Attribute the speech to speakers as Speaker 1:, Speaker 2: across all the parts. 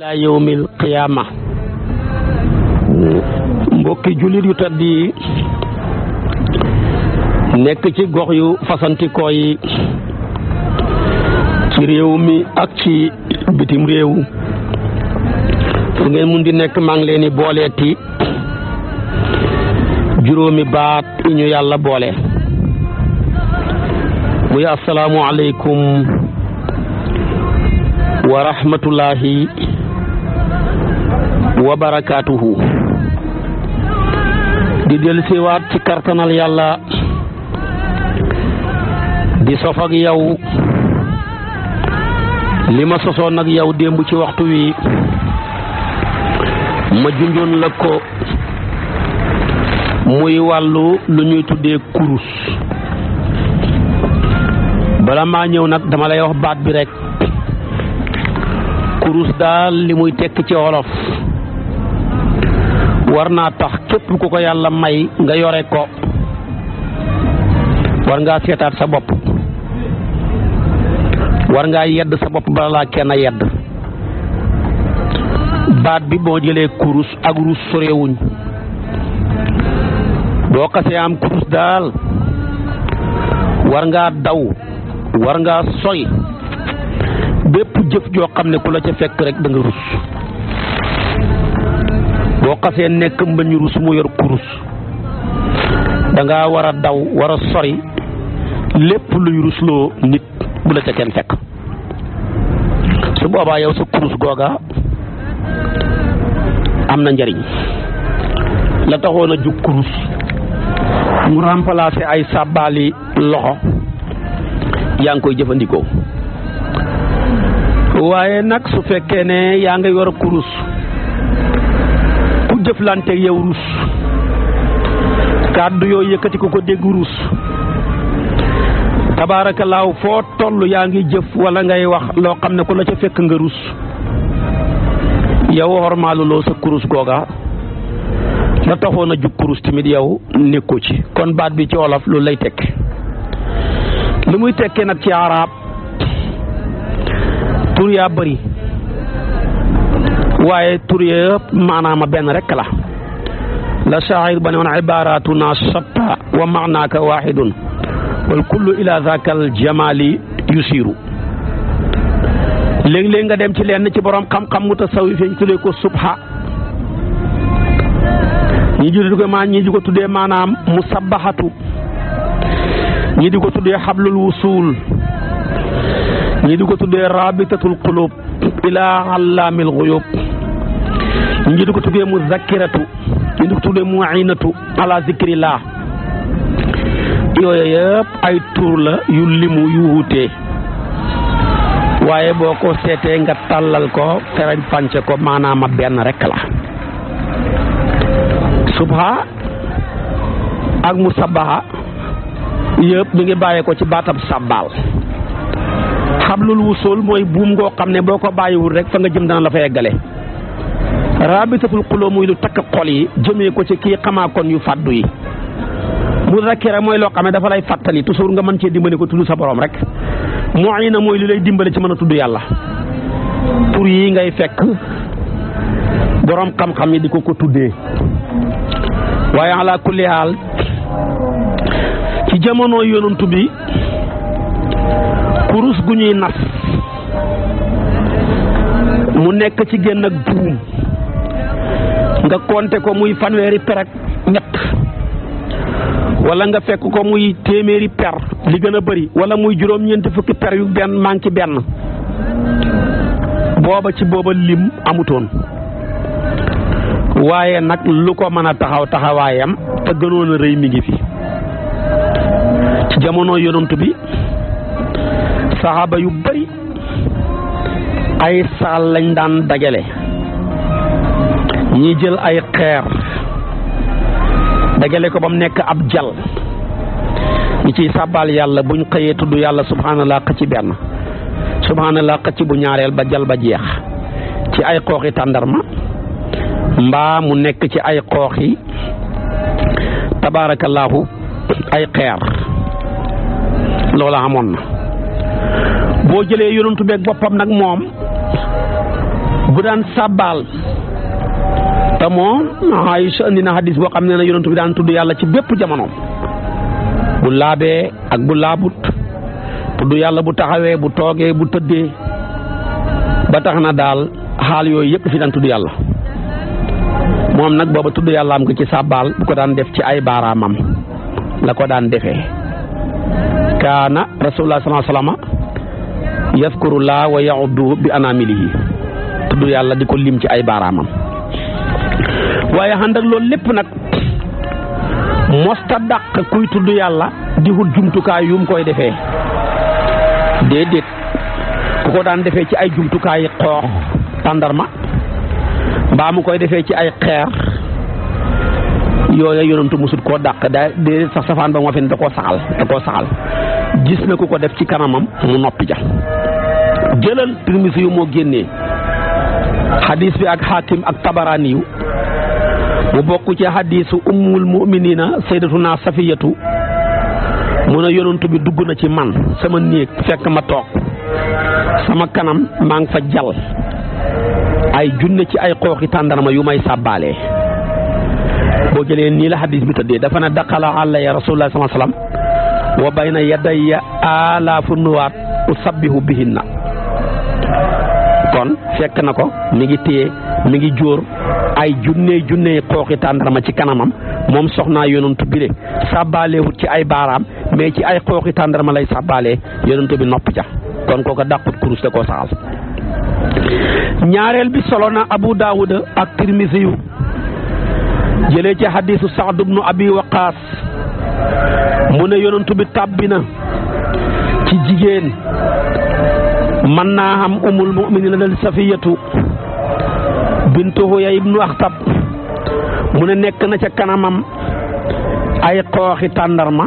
Speaker 1: la yawmil qiyaama mbokki jullit yu tedd yi nekk ci gox yu fasantikoo yi ci réew mi ak ci bitim réew fu ngeen mun di nekk maa ngi leen di booleeti juróomi baat yi ñu yàlla boole muy asalaamu aleykum wa wa barakaatuhu di del siwaat ci kartanal yàlla di sof ak yow li ma sosoon ak yow démb ci waxtu wi ma junjoon la ko muy wàllu lu ñuy tuddee kurus bala maa ñëw nag dama lay wax baat bi rekk kurus daal li muy tekk ci wolof war naa tax képp ku ko yàlla may nga yore ko war ngaa seetaat sa bopp war ngaa yedd sa bopp balaa kenn yedd baat bi boo jëlee kurus ak rus sorewuñ boo xasee am kurus daal war ngaa daw war ngaa soy bépp jëf joo xam ne ku la ca fekk rek da nga rus boo xasee nekk mbañ rus mu yor kurus da ngaa war a daw war sori lépp luy rusloo nit bu la ca kenn fekk su boobaa yow sa kurus googa am na njariñ la taxoon a jug kurus mu remplacer ay sàbbaali loxo yaa ngi koy jëfandikoo waaye nag su fekkee ne yaa ngi yor kurus jëflante yow rus kàddu yoo yëkkati ko ko dégg rus tabaarakallaahu foo toll yaa ngi jëf wala ngay wax loo xam ne ku la ca fekk nga rus yow hormaalu sa kurus googa la taxoon a jug kurus tamit yow nekku ci kon baat bi ci wolof loolu lay tekk li muy tekkee nag ci araab tur yaa bëri waaye tur yëpp maanaama benn rek la la shaa'ir ba ne woon ibaratuna shatta wa maanaaka waxidun wal kullu ila zaka al jamali yusiru léeg-léeg nga dem ci lenn ci borom xam-xam mu tasawif ñu tuddee ko subha ñi di ko maa ñi di ko tuddee maanaam musabbahatu ñi di ko tuddee xablul wusul ñi di ko tuddee rabitatul qulub ila allaamil xuyub ñi di ko tuddee mu zakiratu ñi di ko tuddee mu aynatu ala yooyu yëpp ay tur la yu limu yu wuute waaye boo ko seetee nga tàllal ko terañ pànce ko maanaam benn rekk la subha ak mu sabaha yëpp mu ngi bàyyee ko ci baatam sàbbaal xablul wusul mooy buum ngoo xam ne boo ko bàyyiwul rek fa nga jëm daan la fa eggale raabitatul xuloo muy lu takk xol yi jëmee ko ci kii xamaa kon yu fàddu yi mu zakira mooy loo xam ne dafa lay fàttali toujours nga mën cee dimbali ko tudd sa borom rek muina mooy li lay dimbali ci mën a tudd yàlla tur yi ngay fekk boroom xam-xam yi di ko ko tuddee waaye ala kulli ci jamono yonantu bi kurus gu ñuy nas mu nekk ci génn ak buum nga konte ko muy fanweeri per ak ñett wala nga fekk ko muy téeméeri per li gën a bari wala muy juróom-ñeenti fukki per yu benn manqué benn booba ci booba lim amutoon waaye nag lu ko mën a taxaw taxawaayam te gënoon a rëy mi ngi fi ci jamono yonent bi saxaaba yu bari ay saal lañ daan dajale ñi jël ay xeer dajale ko ba mu nekk ab jal ñi ciy sàbbaal yàlla buñ xëyee tudd yàlla subhanallah xëcc benn subhanallah xëcc bu ñaareel ba jal ba jeex ci ay xooxi tàndarma mbaa mu nekk ci ay xooxi tabaarakallaahu ay xeer loola amoon na boo jëlee yonantu beeg boppam nag moom bu daan sàbbaal te moo Aysa andi na xadis boo xam ne na yonent bi daan tudd yàlla ci bépp jamono bu laabee ak bu laabut tudd yàlla bu taxawee bu toogee bu tëddee ba tax na daal xaal yooyu yëpp fi daan tudd yàlla moom nag boobu tudd yàlla am ko ci sàbbaal bu ko daan def ci ay baaraamam la ko daan defee kaana rasulullah sallallahu alayhi wa sallam yadkurullah wa yaudu bi anamilihi tudd yàlla di ko lim ci ay baaraamam waaye ànd ak loolu lépp nag mosta dàq kuy tudd yàlla di wut jumtukaay yu mu koy defee déedéet ku ko daan defee ci ay jumtukaay xoox tàndarma mbaa mu koy defee ci ay xeer yooya yonantu musut koo dàq daa déedéet sax safaan ba moo fi da koo saxal da koo saxal gis na ku ko def ci kanamam mu noppi ja jëlal Tirmisi yu moo génnee xadiis bi ak xaakim ak tabaraani mu bokk ci hadiisu ummul mu'miniina sayyidatuna safiyatu mu ne yonent bi dugg na ci man sama néeg fekk ma toog sama kanam maa ngi fa jal ay junne ci ay xooxi tàndarma yu may sàbbaale boo jëlee nii la hadis bi tëddee dafa ne daqala àlaya rasulullah sallallahu alayhi wa sallam wa bayna yadayya alaafu nuwaat usabbihu bihinna kon fekk na ko mi ngi téye mi ngi jóor ay junne junne xooxi tàndarma ci kanamam moom soxnaa yonantu bi de sàbbaalewut ci ay baaraam mais ci ay xooxi tàndarma lay sàbbaalee yonantu bi nopp ja kon kooka dàqut kurus da koo saxal ñaareel bi solo na abu daawuda ak tirmisi yu jëlee ci hadisu saad ibnu abi waqaas mu ne yonantu bi tàbbi na ci jigéen mën naa xam umul muminina dal safiyatu bintu Huyay ibnu Axtab mu ne nekk na ca kanamam ay xooxi tàndarma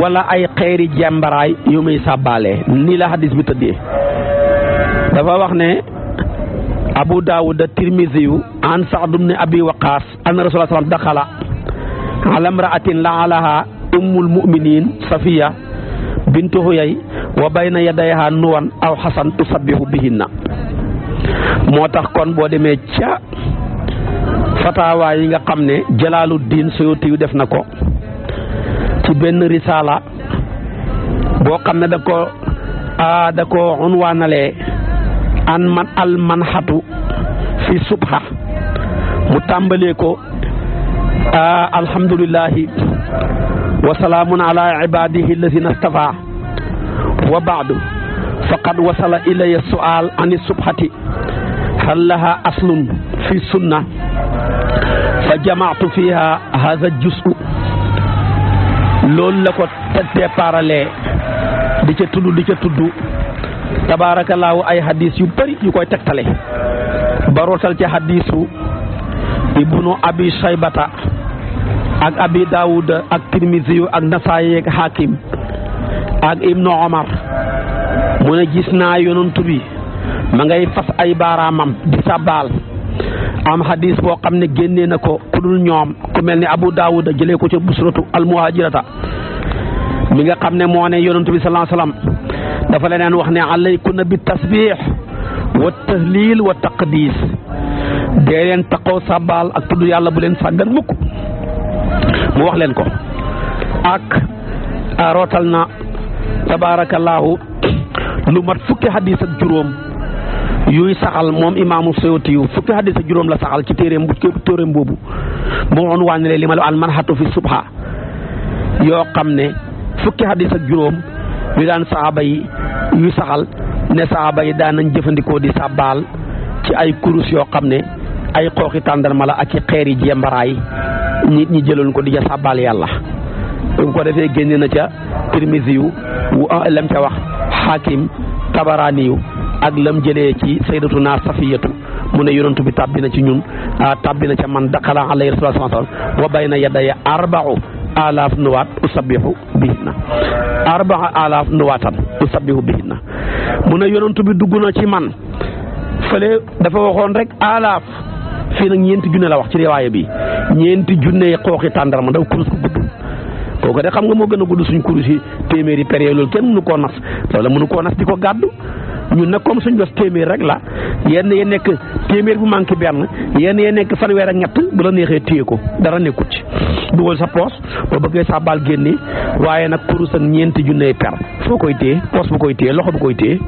Speaker 1: walla ay xeeri jàmbaraay yu muy sàbbaale nii la hadis bi tëddee dafa wax ne Abu Daawud Tirmisi yu an Saad ibn Abi Waqaas anna Rasulullah sallam daxala ala imra'atin la'alaha ummul mu'minin Safiya bintu Huyay wa bayna yadayha nuwan aw xasan tusabbihu bihinna moo tax kon boo demee ca fatawaa yi nga xam ne jalaalu diin Suyuti yu def na ko ci benn risaala boo xam ne da ko a da ko unwaanalee an man al manxatu fi subha mu tàmbalee ko alhamdulillahi wa salaamun ala ibadihi alladina stafa wa baadu faqad wasala ilaya sual an subhati fan laha aslun fi sunna fa jamaatu fiha hadha jusu loolu la ko tettee parale di ca tudd di ca tudd tabaarakallaahu ay hadis yu bëri yu koy tegtale ba rootal ca ibnu abi shaybata ak abi daawud ak tirmisi ak nasaayi ak ak ibnu omar mu ne gis naa yonantu bi ma ngay fas ay baaraamam di sàbbaal am hadis boo xam ne génnee na ko ku ñoom ku mel ni Abu Daawuda jëlee ko ca busratu almuhajirata mi nga xam ne moo ne yonantu bi salaa dafa leneen wax ne na bi tasbix wa tahlil wa taqdis dee leen taqoo sàbbaal ak tudd yàlla bu leen sàggan mukk mu wax leen ko ak rootal na tabaarakallaahu lu mat fukki hadis ak juróom yuy saxal moom imaamu Suyuti yu fukki hadis ak juróom la saxal ci téeréem bu téeréem boobu bu ma li ma la al manhatu fi subha yoo xam ne fukki hadis ak juróom yu daan saxaaba yi yuy saxal ne saxaaba yi daan nañ jëfandikoo di sàbbaal ci ay kurus yoo xam ne ay xooxi tàndarma la ak i xeer yi jembaraay nit ñi jëloon ko di ja sàbbaal yàlla. bu ko defee génne na ca Tirmisi yu ca wax Hakim Tabaraani ak lam jëlee ci sayyidatuna safiyatu mu ne yonent bi tàbbi na ci ñun ah, tàbbi na ca man daqala alayhi sallallahu alayhi wa sallam wa bayna yadaya arba'u alaaf nuwaat usabbihu bihinna arbaa alaaf nuwaatan usabbihu bihinna mu ne yonent bi dugg na ci man fële dafa waxoon rek alaaf fii nag ñeenti junne la wax ci riwaaya bi ñeenti junne xooxi tàndarma ndaw kurus ko gudd kooku de xam nga moo gën a gudd suñ kurus yi téeméeri per yooyu loolu kenn mënu koo nas di ko gàddu ñun nag comme suñ bos téeméer rek la yenn ya nekk téeméer bu manqué benn yenn ya nekk fanweer ak ñett bu la neexee téye ko dara nekkut ci dugal sa poos boo bëggee sa génne waaye nag kurus ak ñeenti junney per foo koy téye poos bu koy téye loxo bu koy téye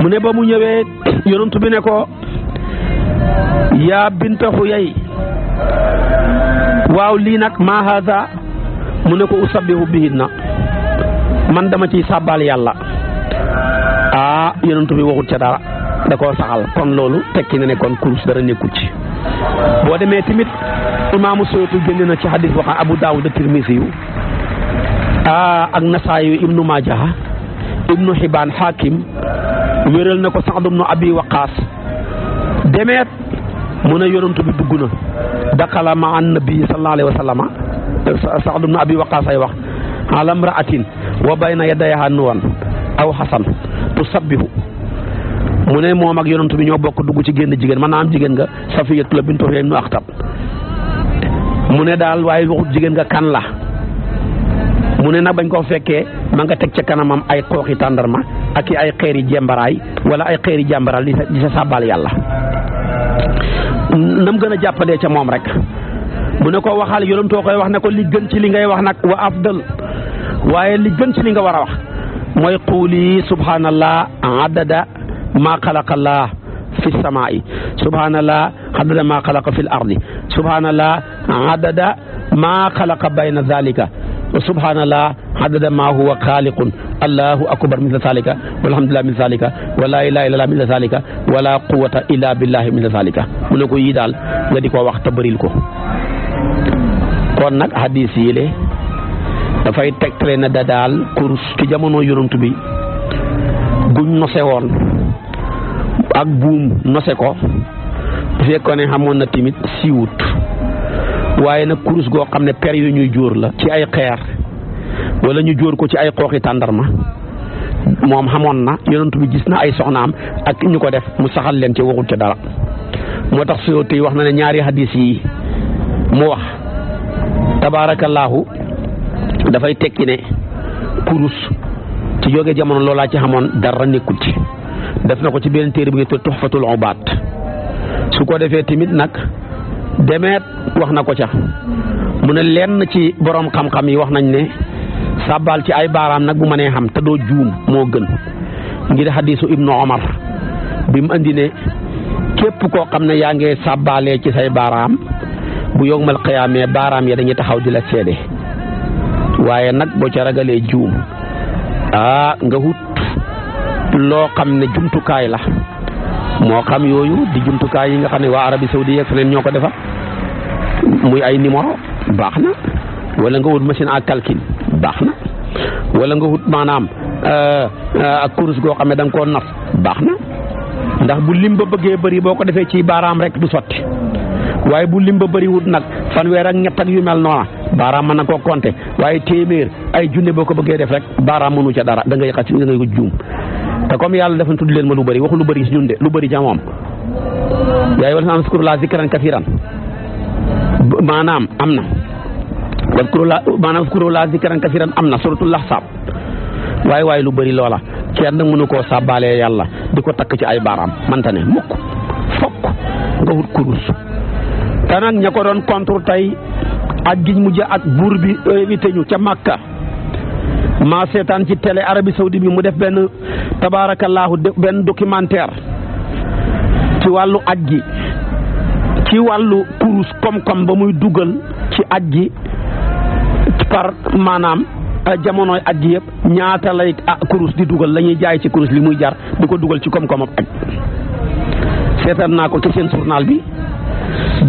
Speaker 1: mu ne ba mu ñëwee yonent bi ne ko yaa binta Xuyay waaw lii nag maa mu ne ko usabbihu na man dama ciy sàbbaal yàlla ah yonent bi waxut ca dara da koo saxal kon loolu tekki na ne kon kurus dara nekkut ci boo demee tamit imaamu Suyuti génne na ci xadis waxa Abu Daawud ah, ak Tirmisi yu ak Nasaayu Ibnu Maajaha Ibnu Xibaan Xaakim wéral na ko Saad ibnu Abi Waqaas demeet mu ne yonent bi dugg na daqala ma nabi sallallahu alayhi wa sallama Saad ibnu Abi ay wax ala mraatin wa bayna yadayha nuwan aw xasan tu sabbihu mu ne moom ak yonantu bi ñoo bokk dugg ci génn jigéen man naa am jigéen nga safiyatu la bintu xuyay nu axtab mu ne daal waaye waxut jigéen nga kan la mu ne nag bañ koo fekkee ma nga teg ca kanamam ay xooxi tàndarma ak i ay xeeri jembaraay wala ay xeeri jembaraay li sa li yàlla nam gën a jàppalee ca moom rek mu ne ko waxal yonantoo koy wax ne ko li gën ci li ngay wax nag wa afdal waaye li gën ci li nga war a wax mooy quuli subhanallah adada maa xalaqa allah fi samaai subhanallah adada maa xalaqa fi l ardi subhanallah adada maa xalaqa bayna zalika wa subhanallah adada maa huwa xaaliqun allahu akbar misla zalika walhamdulillah misla zalika wala ilaha illallah misla zalika wala quwata illa billahi misla zalika mu ne ko yii daal nga di ko wax te bëril ko kon nag hadis yi le dafay tegtale na da daal ci jamono yonent bi guñ nose woon ak buum nose ko bu fekkoon ne xamoon na timit siiwut waaye nag course goo xam ne per yu ñuy jóor la ci ay xeer wala ñu jóor ko ci ay xooxi tàndarma moom xamoon na yonent bi gis na ay soxnaam ak ñu ko def mu saxal leen ci waxut ci dara moo tax Suyuuti wax na ne ñaari hadis yi mu wax tabaarakallaahu dafay tekki ne kurus ci jóge jamono loolaa ci xamoon dara nekkul ci def na ko ci benn téere bu ngi tudd Tuhfatul Ubaat su ko defee tamit nag demeet wax na ko ca mu ne lenn ci boroom xam-xam yi wax nañ ne sàbbaal ci ay baaraam nag bu mënee xam te doo juum moo gën ngir hadisu ibnu Omar bi mu andi ne képp koo xam ne yaa ngi sàbbaalee ci say baaraam bu yowmal qiyaamee baaraam ya dañuy taxaw di la seede waaye nag boo ca ragalee juum ah nga wut loo xam ne jumtukaay la moo xam yooyu di jumtukaay yi nga xam ne waa Arabie Saoudi ak feneen ñoo ko defar muy ay numéro baax na wala nga wut machine à calcul baax na wala nga wut maanaam euh, euh, ak kurus goo xam ne da nga koo nas baax na ndax bu lim ba bëggee bëri boo ko defee ci baaraam rek du sotti waaye bu lim ba bëri wut nag fanweer ak yu mel noona baaraam mën na koo compter waaye téeméer ay junne boo ko bëggee def rek baaraam mënu ca dara da ngay xas da ngay juum te comme yàlla dafa tudd leen ma lu bëri waxu lu bëri si ñun de lu bëri jamoom yaay wala am sukuru laa zikran kasiran maanaam am na wadkuru laa maanaam sukuru laa zikran kasiran am na suratul ahzab waaye waaye lu bëri loola nag munu koo sàbbaale yàlla di ko takk ci ay baaraam manta ne mukk fokk nga wut kurus te nag ko doon contre tey ak mu mujj ak buur bi invité ñu ca Makka maa seetaan ci télé Arabie Saoudi bi mu def benn tabaarakallaahu benn documentaire ci wàllu aj gi ci wàllu kurus koom-koom ba muy dugal ci aj gi par maanaam eh, jamonoy aj gi yëpp ñaata lay ah, kurus di dugal la ñuy jaay ci kurus li muy jar di ko dugal ci koom-koomam aj seetaan naa ko ci seen journal bi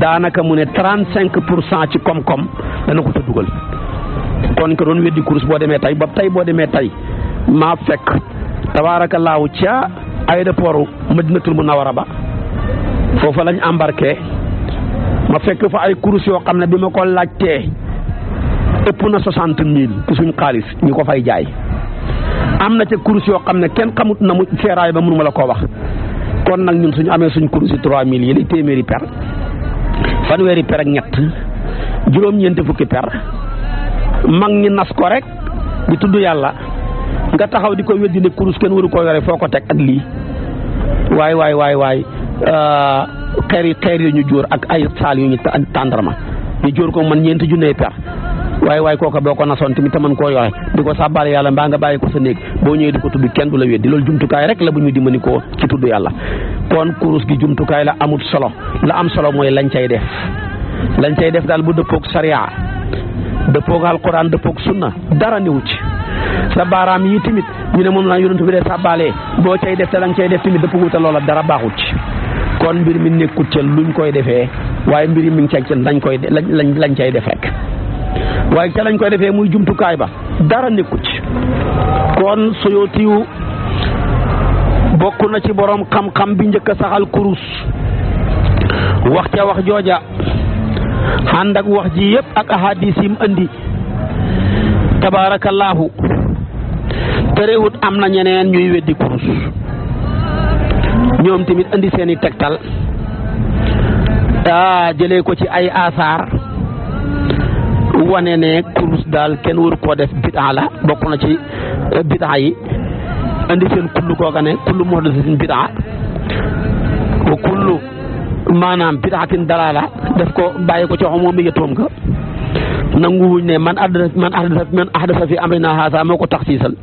Speaker 1: daanaka mu ne trent cinq pour cent ci koom-koom dana ko ta dugal kon ko doon weddi course boo demee tay ba tey boo demee tey maa fekk tabaarakallaahu ca aéroport madinatul munawara ba foofa lañ embarqué ma fekk fa ay course yoo xam ne bi ma ko laajtee ëpp na soixante mille ci suñ xaalis ñu ko fay jaay am na ca course yoo xam ne kenn xamut na mu seeraay ba mënuma la koo wax kon nag ñun suñu amee suñ course yi trois mille yi lay téeméeri per fanweeri per ak ñett juróom-ñeenti fukki per mag ñi nas ko rek di tudd yàlla nga taxaw di ko weddi ne kurus kenn waru ko yore foo ko teg ak lii waaye waaye waaye waay euh, xeer yi xeer yi ñu jóor ak ay saal yu ñu tàndarma ñu jóor ko man ñeenti junnee per waaye waaye kooka boo ko nasoon tamit te taman koo yore di ko sàbbaal yàlla mbaa nga bàyyi ko sa néeg boo ñëwee di ko tudd kenn du la weddi loolu jumtukaay rek la bu ñu dimbali ko ci tudd yàlla kon kurus gi jumtukaay la amut solo la am solo mooy lañ cay def lañ cay def daal bu dëppoog sariya dëppoog alquran dëppoog sunna dara newu ci sa baaraam yi tamit ñu ne moom la yonent bi de sàbbaalee boo cay def te lañ cay def tamit dëppagul te loola dara baaxut ci mbir mi nekkut ca luñ koy defee waaye mbir mi ngi cay ca lañ koy lañ lañ cay def rek. waaye ca lañ koy defee muy jumtukaay ba dara nekku ci kon Suyuutiyu bokk na ci boroom xam-xam bi njëkk a saxal kurus wax ca wax jooja ànd ak wax ji yépp ak ahadis yim andi tabaarakallaahu terewut am na ñeneen ñuy weddi kurus ñoom tamit indi seeni tegtal aa jëlee ko ci ay asaar wanee ne kurus daal kenn waru koo def bidaa la bokk na ci euh, bidaa yi indi seen kullu kooka ne kullu muhdasatin bidaa wa kullu maanaam bidaatin dalaala def ko bàyyi ko ci moom mi yëtoom ga nanguwuñ ne man ahdasa man ahdasa man ahdasa fi amrina haasa moo ko taxsiisal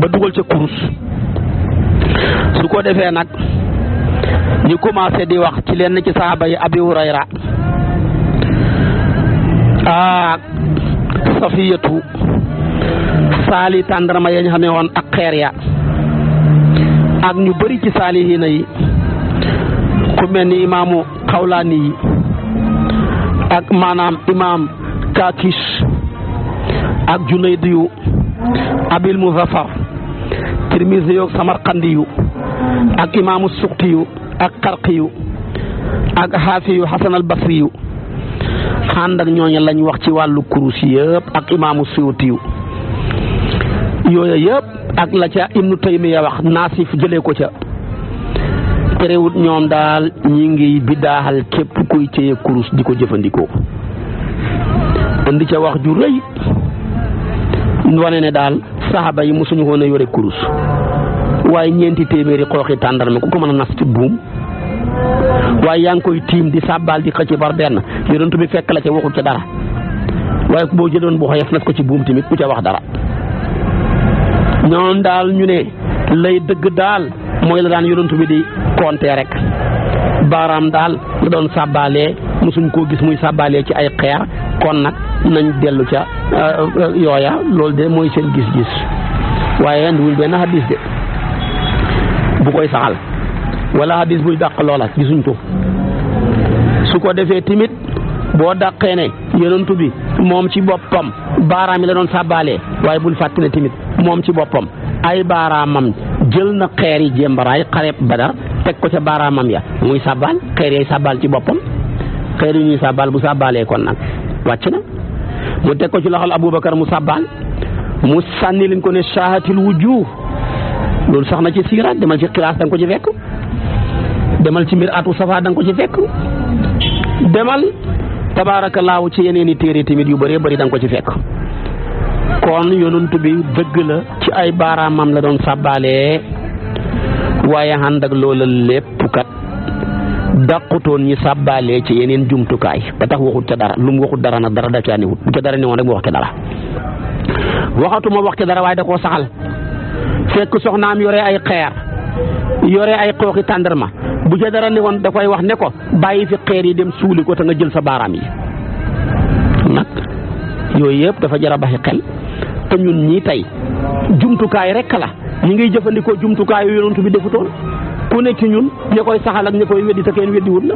Speaker 1: ba dugal ca kurus su ko defee nag ñu commencé di wax ci lenn ci saaba yi abi hurayra ak safiyatu saali tàndarma yañ xamee woon ak xeer ya ak ñu bari ci saalihiina ku mel ni imaamu xawlaani yi ak maanaam imaam kaakis ak junayd abil muzaffar tirmisi yu samarqandi ak imaamu suqti ak qarqi ak xaafi xasan al basri ànd ak ñooñu lañ wax ci wàllu kurus yëpp ak imaamu Suyuti yooyu yëpp ak la ca Ibnu Taymiya wax naasif jëlee ko ca terewut ñoom daal ñu ngi biddaaxal képp kuy téye kurus di ko jëfandikoo indi ca wax ju rëy wane ne daal saxaaba yi mosuñu woon a yore kurus waaye ñeenti téeméeri xooxi tàndarma ku ko mën a nas ci buum waaye yaa ngi koy tiim di sàbbaal di xëcc bar benn yonent bi fekk la ca waxul ca dara waaye boo jëloon bu xoyof nas ko ci buum tamit ku ca wax dara ñoon daal ñu ne lay dëgg daal mooy la daan yonent bi di compter rek baaraam daal la doon sàbbaalee mosuñ koo gis muy sàbbaalee ci ay xeer kon nag nañ dellu ca euh, yooya loolu de mooy seen gis-gis waaye andiwuñ benn hadis de bu koy saxal wala hadis bu dàq loola gisuñ ko su ko defee timit boo daqee ne yonentu bi moom ci boppam baaraam yi la noon sàbbaalee waaye bul fàttali timit moom ci boppam ay baaraamam jël na xeer yi jémbaraay xareeb badar teg ko ca baaraamam ya muy sàbbaal xeer yay sàbbaal ci boppam xeer yi ñuy sàbbaal bu sàbbaalee kon nag wàcc na mu teg ko ci loxol Aboubacar mu sàbbaal mu sànni liñ ko ne saahatil wujuh loolu sax na ci siiraat demal ci xilaas danga ko ci fekk demal ci mbir atu safa danga ko ci fekk demal tabaarakallaahu ci yeneen i téere tamit yu bëree bëri danga ko ci fekk kon yonent bi dëgg la ci ay baaraamam la doon sàbbaalee waaye ànd ak loola lépp kat dàqutoon ñi sàbbaalee ci yeneen jumtukaay ba tax waxut ca dara lu mu waxut dara nag dara da caa niwut bu ca dara niwoon rek mu wax ca dara waxatuma wax ca dara waaye da koo saxal fekk soxnaam yore ay xeer yore ay xooxi tàndarma bu ca dara ne woon da koy wax ne ko bàyyi fi xeer yi dem suuli ko te nga jël sa baaraam yi nag yooyu yëpp dafa jar a xel te ñun ñii tey jumtukaay rek la ñu ngi jëfandikoo jumtukaay yu yonent bi defutoon ku nekk ci ñun ña koy saxal ak ña koy weddi te kenn weddi la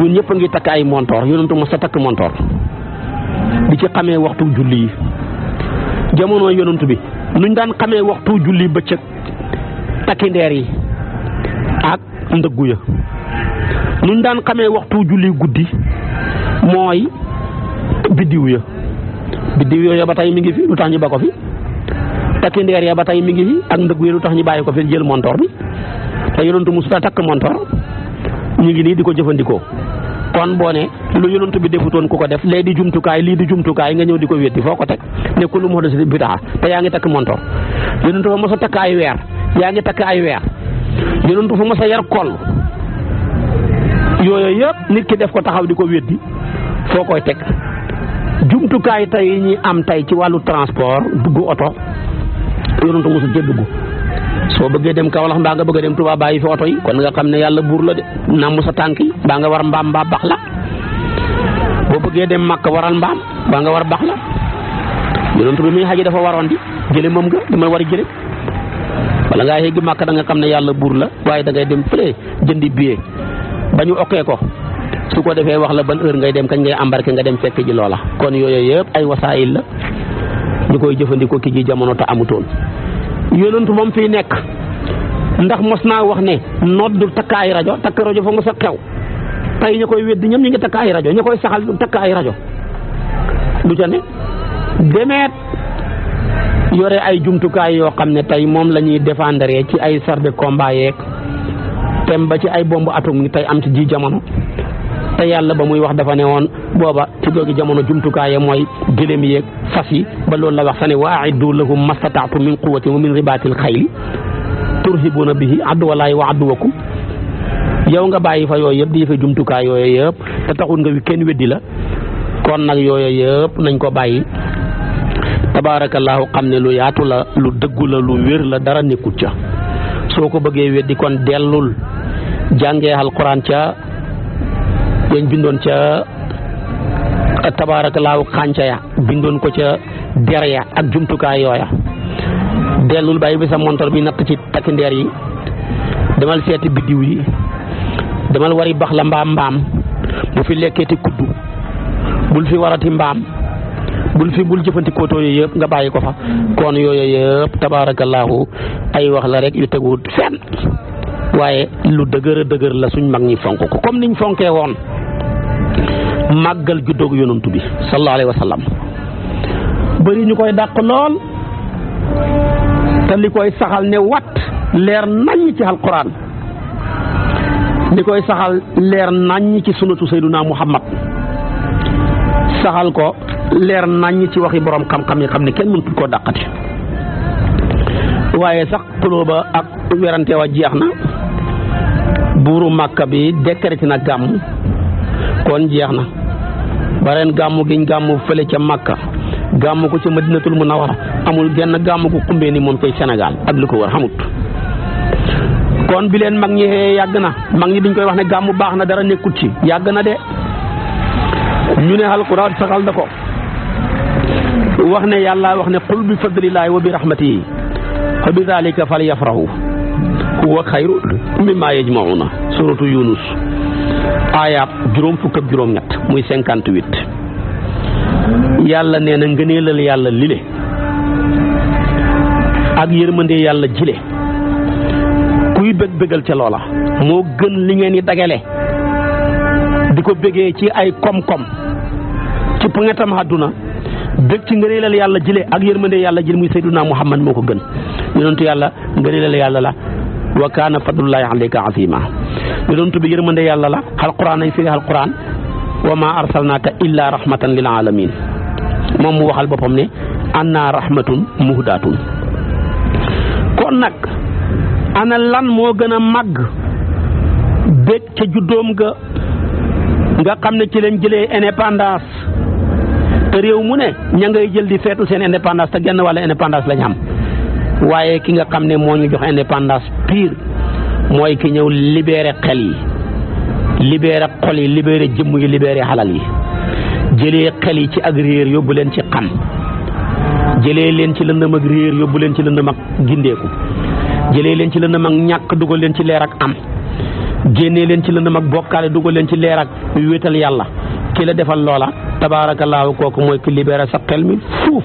Speaker 1: ñun ñëpp a ngi takk ay montoor yonentu mos sa takk montoor di ci xamee waxtu julli yi jamono yonent bi nuñ daan xamee waxtu julli bëccëg takki ndeer yi ak ndëggu ya nuñ daan xamee waxtu julli guddi mooy biddiw ya biddiw yooyu ba tey mi ngi fi lu tax ñu ba ko fi takki ndeer ya ba tey mi ngi fi ak ndëggu ya lu tax ñu bàyyi ko fi jël montoor bi te yonantu mu takk montoor ñu ngi nii di ko jëfandikoo kon boo ne lu yonantu bi defutoon ku ko def lee di jumtukaay lii di jumtukaay nga ñëw di ko wéddi foo ko teg ne ku lu mu xodasi bidaa te yaa ngi takk montoor yonantu fa mos a takk ay weer yaa ngi takk ay weer yonentu fu mos a yar koll yooyu yëpp nit ki def ko taxaw di ko weddi foo koy teg jumtukaay tey yi am tey ci wàllu transport dugg oto yonentu mosul ca dugg soo bëggee dem Kaolack mbaa nga bëgg dem Touba bàyyi fi oto yi kon nga xam ne yàlla buur la de nàmm sa tànk yi mbaa nga war mbaam mbaa bax la boo bëggee dem Makka waral mbaam mbaa nga war bax la yonentu bi muy xaji dafa waroon di jële moom nga dama war a jële wala ngaa yegg màkk a nga xam ne yàlla buur la waaye da ngay dem fële jëndi billet ba ñu okkee ko su ko defee wax la ban heure ngay dem kañ ngay embarqué nga dem fekk ji loola. kon yooyu yëpp ay wasaayil la ñu koy jëfandikoo ki ji jamono te amutoon yonentu moom fii nekk ndax mos naa wax ne du nodd ay rajo takk rajo fa nga sa xew tey ña koy wedd ñoom ñu ngi ay rajo ña koy saxal takkaay rajo du ca ne yore ay jumtukaay yoo xam ne tey moom la ñuy défendre ci ay chars de combat yeeg tem ba ci ay bombu atomique tey am ci ji jamono te yàlla ba muy wax dafa ne woon booba ci googu jamono jumtukaay mooy gëlëm yeeg fas yi ba loolu la wax sa ne du wa aiddu lahum mastataatum min quwatin wa min ribaatil xayli turhibuuna bihi aduwallaahi wa aduwakum yow nga bàyyi fa yooyu yëpp di yëfe jumtukaay yooyu yëpp te taxul nga wi kenn weddi la kon nag yooyu yëpp nañ ko bàyyi tabaarakallaahu xam ne lu yaatu la lu dëggu la lu wér la dara nekkut ca soo ko bëggee weddi kon dellul jàngee alquran ca yañ bindoon ca tabaarakallaahu xànca ya bindoon ko ca der ya ak jumtukaay yooya dellul bàyyi bi sa montor bi natt ci takk ndeer yi demal seeti biddiw yi demal wari bax la mbaam mbaam bu fi lekkeeti kuddu bul fi warati mbaam bul fi bul jëfandikoo tool yooyu yëpp nga bàyyi ko fa kon yooyu yëpp tabaarakallaahu ay wax la rekk yu teguwut fenn waaye lu dëgër dëgër la suñ mag ñi fonk ko comme niñ fonkee woon màggal juddoog yonent bi sallallahu alayhi wa sallam ñu koy dàq lool te li koy saxal ne wat leer nañ ci alquran li koy saxal leer nañ ci sunatu sayyiduna muhammad saxal ko leer nañ ci waxi borom xam-xam yi xam ne kenn mënut koo dàqati waaye sax ba ak werante wa jeex na buuru màkka bi décrété na gàmm kon jeex na ba ren gàmmu giñ gàmmu fële ca màkka gàmmu ko ca madinatul munawwara amul genn gàmmu ko xumbee ni moom tey Sénégal ak li ko war xamut kon bi leen mag ñi xëyee yàgg na mag ñi dañ koy wax ne gàmmu baax na dara nekkut ci yàgg na de ñu ne alxuraan saxal na ko wax ne yàlla wax ne qul bi fadlillaahi wa bi rahmatihi fa bi daalika fal yafrahu huwa xayru mimma yajmauna suratu yunus aayaab juróom fukk ak juróom ñett muy cinquante huit yàlla nee na ngëneelal yàlla lile ak yërmande yàlla jile kuy bëgg bëggal ca loola moo gën li ngeen di dagale di ko bëggee ci ay koom-koom ci pungetam àdduna bëgg ci ngëneelal yàlla jëlee ak yërmande yàlla jël muy sayyiduna muhammad moo ko gën yonentu yàlla ngëneelal yàlla la wa kaana fadlullahi alayka azima yonentu bi yërmande yàlla la alquran ay firi alquran wa ma arsalnaaka illa rahmatan lil alamin moom mu waxal boppam ne anna rahmatun muhdatun kon nag ana lan moo gën a màgg bëgg ca juddoom ga nga xam ne ci leen jëlee indépendance te réew mu ne ña ngay jël di feetu seen indépendance te genn wàll indépendance lañu ñu am waaye ki nga xam ne moo ñu jox indépendance pire mooy ki ñëw libéré xel yi libéré xol yi libéré jëmm yi libeere xalal yi jëlee xel yi ci ak réer yóbbu leen ci xam jëlee leen ci lëndëm ak réer yóbbu leen ci lëndëm ak gindeeku jëlee leen ci lëndëm ak ñàkk dugal leen ci leer ak am génnee leen ci lëndëm ak bokkaale dugal leen ci leer ak wéetal yàlla ki la defal loola tabaarakallaahu kooku mooy ki libéré sa xel mi fuuf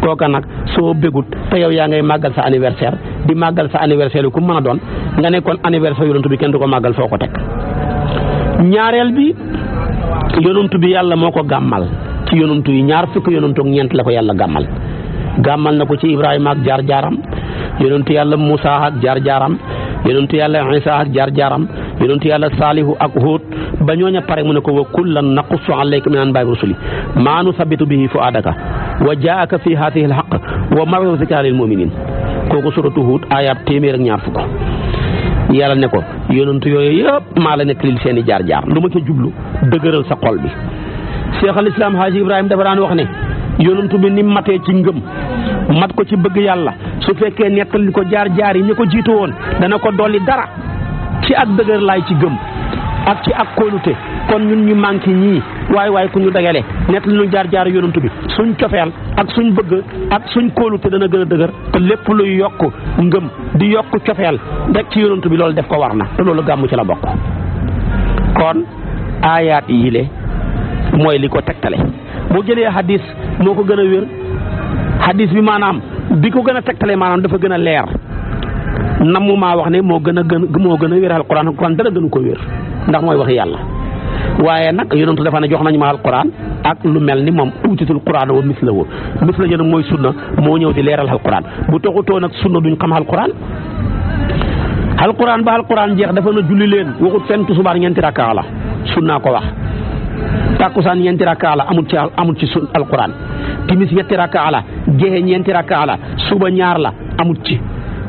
Speaker 1: kooka nag soo bégut te yow yaa ngay màggal sa anniversaire di màggal sa anniversaire yi ku mën a doon nga ne kon anniversaire yonent bi kenn du ko màggal foo ko teg ñaareel bi yonent bi yàlla moo ko gàmmal ci yonent yi ñaar fukki yonent ñeent la ko yàlla gàmmal gàmmal na ko ci Ibrahima ak jaar jaaram yonentu yàlla Moussa ak jaar jaaram yonentu yàlla Isa ak jaar jaaram yonentu yàlla saalihu ak Huud ba ñooña pare mu ne ko wa kullan naqussu alayka min anbaa'i rusuli maa nu bihi bi wa jaa'aka fi haadihi al-haqq wa maw'izu wa zikraa lil mu'miniin kooku suratu Huud aayaab téeméer ak ñaar fukk yàlla ne ko yonentu yooyu yëpp maa la nekk lil seeni jaar jaar lu ma ca jublu dëgëral sa xol bi Cheikh al Islam Haji Ibrahima dafa daan wax ne yonentu bi ni matee ci ngëm mat ko ci bëgg yàlla su fekkee nettali ko jaar jaar yi ñu ko jiitu woon dana ko dolli ci ak dëgër laay ci gëm ak ci ak kóolute kon ñun ñu manqué ñii waaye waaye ku ñu dagale nekk li ñu jaar jaar yonent bi suñ cofeel ak suñ bëgg ak suñ kóolute dana gën a dëgër te lépp luy yokk ngëm di yokk cofeel rek ci yonent bi loolu def ko war na te loolu gàmmu ci la bokk kon aayaat yile mooy li ko tegtale moo jëlee hadis moo ko gën a wér hadis bi maanaam bi ko gën a tegtale maanaam dafa gën a leer namu maa wax ne moo gën a gën moo gën a wér alquran alquran dara gënu ko wér ndax mooy wax yàlla waaye nag yonentu dafa ne jox nañu ma alquran ak lu mel ni moom uutitul quran wa misla woo misla yéen mooy sunna moo ñëw di leeral alquran bu taxutoo nag sunna duñ xam alquran alquran ba alquran jeex dafa na julli leen waxut fenn tusubaar ñeenti rakkaa la naa ko wax tàkkusaan ñeenti rakkaa la amul ci amul ci sun alquran timis ñetti rakkaa la gexe ñeenti rakkaa la suba ñaar la amut ci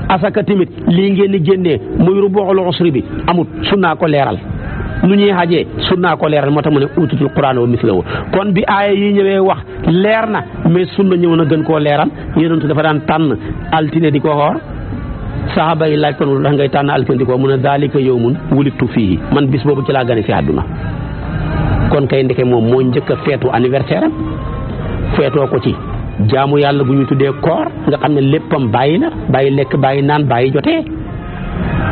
Speaker 1: asaka tamit lii ngeen di génnee muy rubuxul usri bi amut naa ko leeral nu ñuy xajee naa ko leeral moo tax mu ne ututul quraan wa mislahu kon bi aaya yi ñëwee wax leer na mais sunna ñëw na gën koo leeral yonentu dafa daan tànn altine di ko xoor saxaaba yi laaj ko lu tax ngay tànn altine di ko mu ne daalika yawmun man bis boobu ci laa gane si àdduna kon kay ndeke moom moo njëkk a feetu anniversaire feetoo ko ci jaamu yàlla gu ñu tuddee koor nga xam ne léppam bàyyi na bàyyi lekk bàyyi naan bàyyi jotee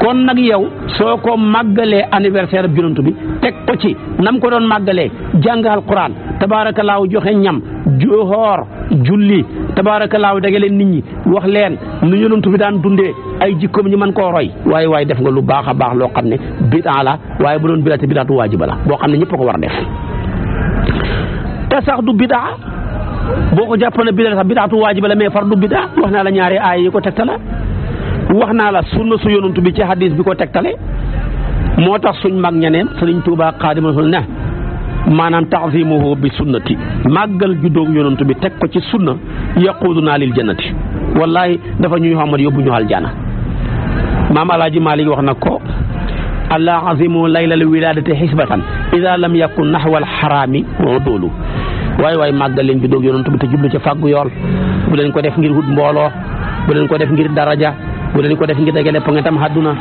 Speaker 1: kon nag yow soo ko màggalee anniversaire ab yonent bi teg ko ci nam ko doon màggalee jàng alquran tabaarakallaahu joxe ñam joxoor julli tabaarakallaahu leen nit ñi wax leen nu yonent bi daan dundee ay jikkoom ñi mën koo roy waaye waaye def nga lu baax a baax loo xam ne bidaa la waaye bu doon bidaa te bidaatu waajiba la boo xam ne ñëpp ko war a def te sax du bidaa boo ko jàppoon ne bidaa sax bidaatu waajiba la mais fardu bidaa wax naa la ñaari aay yi ko tegtale wax naa la sunna su yonantu bi ci hadis bi ko tegtale moo tax suñ mag ñeneen sëriñ Tuubaa Xaadimu Rasuul ne maanaam taazimuhu bi sunnati màggal juddoog yonantu bi teg ko ci sunna yaquudunaa lil jannati wallahi dafa ñuy xamal yóbbu ñu aljanna maam alaaji Maalik wax na ko allah azimu la wilaadati xisbatan ida lam yakun naxwa alxaraami wa doolu waaye waay màggal leen juddoo yonent bi te jublu ca fàggu yool bu leen ko def ngir wut mbooloo bu leen ko def ngir daraja bu leen ko def ngir dajale po tam àdduna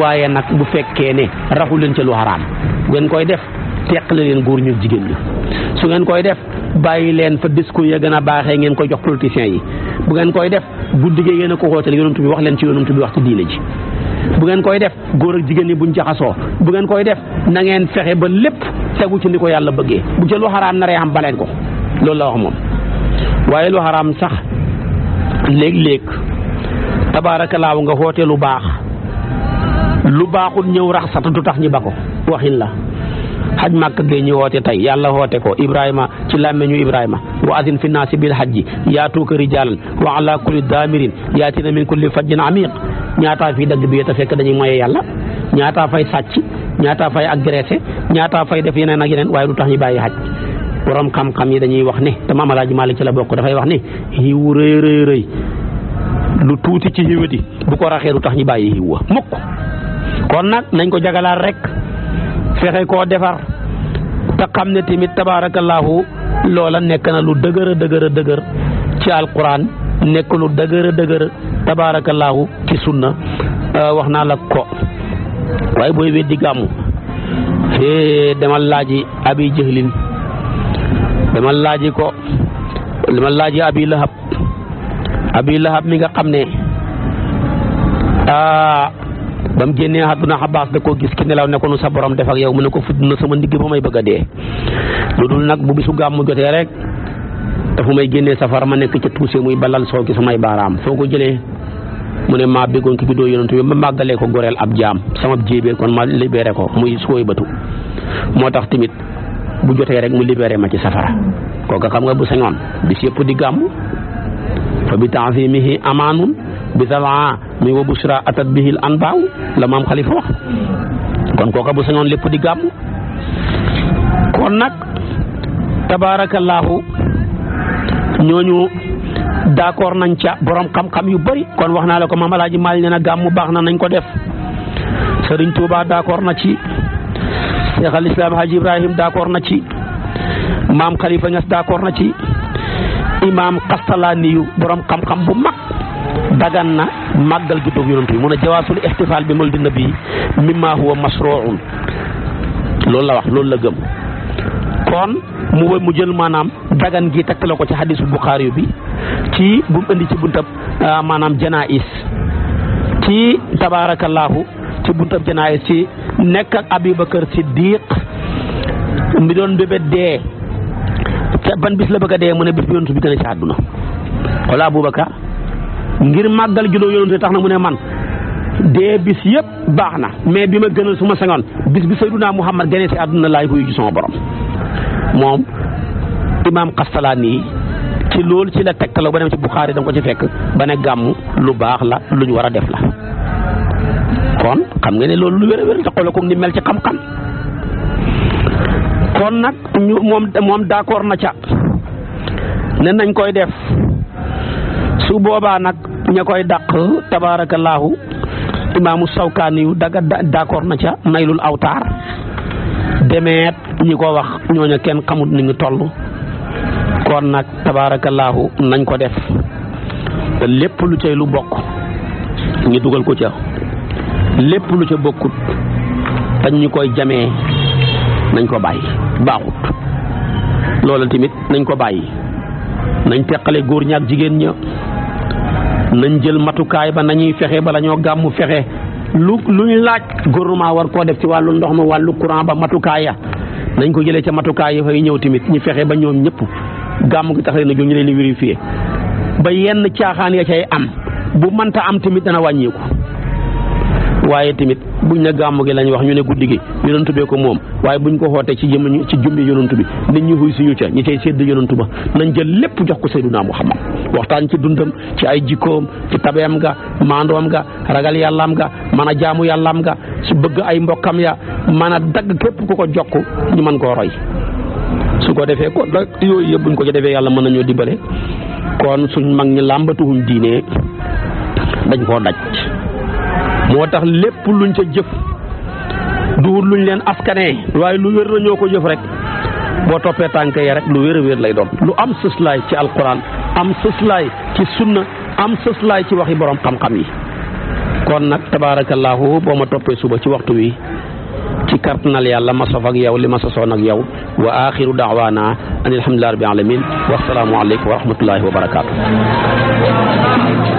Speaker 1: waaye nag bu fekkee ne raxu leen ca lu xaraam bu ngeen koy def teqale leen góor ñu jigéen ñi su ngeen koy def bàyyi leen fa discours ya gën a baaxee ngeen koy jox politiciens yi bu ngeen koy def bu diggee yéen a ko xootale yonent bi wax leen ci yonent bi wax ci diine ji bu ngeen koy def góor ak jigéen bu buñ jaxasoo bu ngeen koy def nangeen fexe ba lépp tegu ci ni ko yàlla bëggee bu ca lu xaraam naree am baleen ko loolu la wax moom waaye lu xaraam sax léeg-léeg tabaarakalaaw nga xoote lu baax lu baaxul ñëw rax sat du tax ñi ba ko waxin la xaj màkk gee ñu woote tey yàlla woote ko ibrahima ci làmmeñu ibrahima wa adin fi naasi bil hajji yaatuuka rijaalan wa ala kulli daamirin yaatina min kulli fajjin amiq ñaataa fii dagg bi te fekk dañuy moye yàlla ñaataa fay sàcc ñaataa fay agressé ñaataa fay def yeneen ak yeneen waaye lu tax ñu bàyyi xaj boroom xam-xam yi dañuy wax ne te Maam Alaaji Maalik ci la bokk dafay wax ne xiiwu rëy rëy rëy lu tuuti ci xiiwati bu ko raxee lu tax ñu bàyyi xiiw wa mukk kon nag nañ ko jagalaat rek fexe koo defar te xam ne tamit tabaarakallaahu loola nekk na lu dëgër a dëgër a dëgër ci nekk lu dëgër a tabaarakallaahu ci sunna euh, wax naa la ko waaye booy weddi gàmmu fee eh, demal laaji abi jëhlin demal laaji ko demal laaji abi lahab abi lahab mi nga xam ne ah, ba mu génnee àdduna xabaas da ko gis ki nelaw ne nu sa borom def ak yow mu ne ko fudd na sama ndigg ba may bëgg a dee lu dul nag bu bisu gàmmu jotee rek dafa may génnee safara ma nekk ca tuuse muy balal soo ki samay baaraam foo ko jëlee mu ne maa bëggoon ki juddoo yonent bi ma màggalee ko goreel ab jaam sama jéebee kon ma libéré ko muy sooy batu moo tax tamit bu jotee rek mu libéré ma ci safara kooka xam nga bu sañoon bis yëpp di gàmm fa bi taazimihi amaanun bi salaa mi wa busra atat bihil anbaaw la maam xalifa wax kon kooka bu sañoon lépp di gàmm kon nag tabaarakallaahu ñooñu d'accord nañ ca borom xam-xam yu bëri kon wax naa la ko maam Alaaji Maal nee na gàmmu baax na nañ ko def Serigne Touba d'accord na ci Cheikh al Islam Haji Ibrahim d'accord na ci maam Khalifa Niass d'accord na ci imaam Qastalaaniyu borom xam-xam bu mag dagan na màggal juddug yonent yi mun ne jawaasul ixtifaal bi mawlidi nabi mimma huwa masruun loolu la wax loolu la gëm kon mu mu jël maanaam dagan gi takkale ko ci hadisu Buxaari bi. ci bu mu indi ci buntab ah, maanaam janaïs ci tabaarakallaahu ci buntab janaïs ci nekk ak Abubakar Siddiq mi doon bébét dee ca ban bis la bëgg a dee mu ne bis bi yonent bi gën a ci àdduna wala Abubakar ngir màggal juddoo yonent tax na mu ne man dee bis yëpp baax na mais bi ma gënal su ma sangoon bis bi Sayyiduna Muhammad gënee ci àdduna laay koy ji sama borom moom imaam Xastalaani ci loolu ci la tegtaloo ba dem ci Buxaari da ko ci fekk ba ne gàmm lu baax la lu ñu war a def la kon xam nga ne loolu lu wér a wér te xoolal ko ni mel ci xam-xam kon nag ñu moom moom d'accord na ca ne nañ koy def su boobaa nag ña koy dàq tabaarakallaahu imaamu sawkaaniyu daga d'accord na ca naylul awtaar demeet ñi ko wax ñooñu kenn xamut ni ñu toll kon nag tabaarakallaahu nañ ko def te lépp lu cay lu bokk ñu dugal ko ca lépp lu ca bokkut dañ ñu koy jamee nañ ko bàyyi baaxut loola tamit nañ ko bàyyi nañ teqale góor ñaak jigéen ña nañ jël matukaay ba nañuy fexe ba ñoo gàmmu fexe lu luñ laaj gouvernement war koo def ci wàllu ndox ma wàllu courant ba matukaay ya nañ ko jëlee ca matukaay ya fay ñëw tamit ñu fexe ba ñoom ñëpp gàmm gi tax na a jóg ñu leen di vérifier ba yenn caaxaan ya cay am bu mënta am tamit dana wàññeeku waaye tamit buñ ne gàmm ki lañ wax ñu ne guddi gi yonantu bee ko moom waaye buñ ko xootee ci jëm ci jumbi yonantu bi nit ñi xuy suñu ca ñi cay sédd yonantu ba nañ jël lépp jox ko Seydunaa ma waxtaan ci dundam ci ay jikkoom ci tabeem ga maandoom ga ragal yàllaam ga mën a jaamu yàllaam ga su bëgg ay mbokkam ya mën a dagg képp ku ko jokk ñu mën koo roy su ko defee kon nag yooyu yëpp buñ ko ci defee yàlla mën nañoo dimbale kon suñ mag ñi làmbatuwuñ diine dañ koo daj moo tax lépp luñ ca jëf duwut luñ leen askanee waaye lu wér la ñoo ko jëf rek boo toppee tànk yi rek lu wér wér lay doon lu am sëslaay ci alquran am sëslaay ci sunna am sëslaay ci waxi borom xam-xam yi kon nag tabaarakallaahu boo ma toppee suba ci waxtu wi ci kartanal yàlla ma sof ak yow li ma sosoon ak yow wa axiru daawaana an alhamdulilah rabbi alamin wa salaamu aleykum wa rahmatullahi wa barakaatu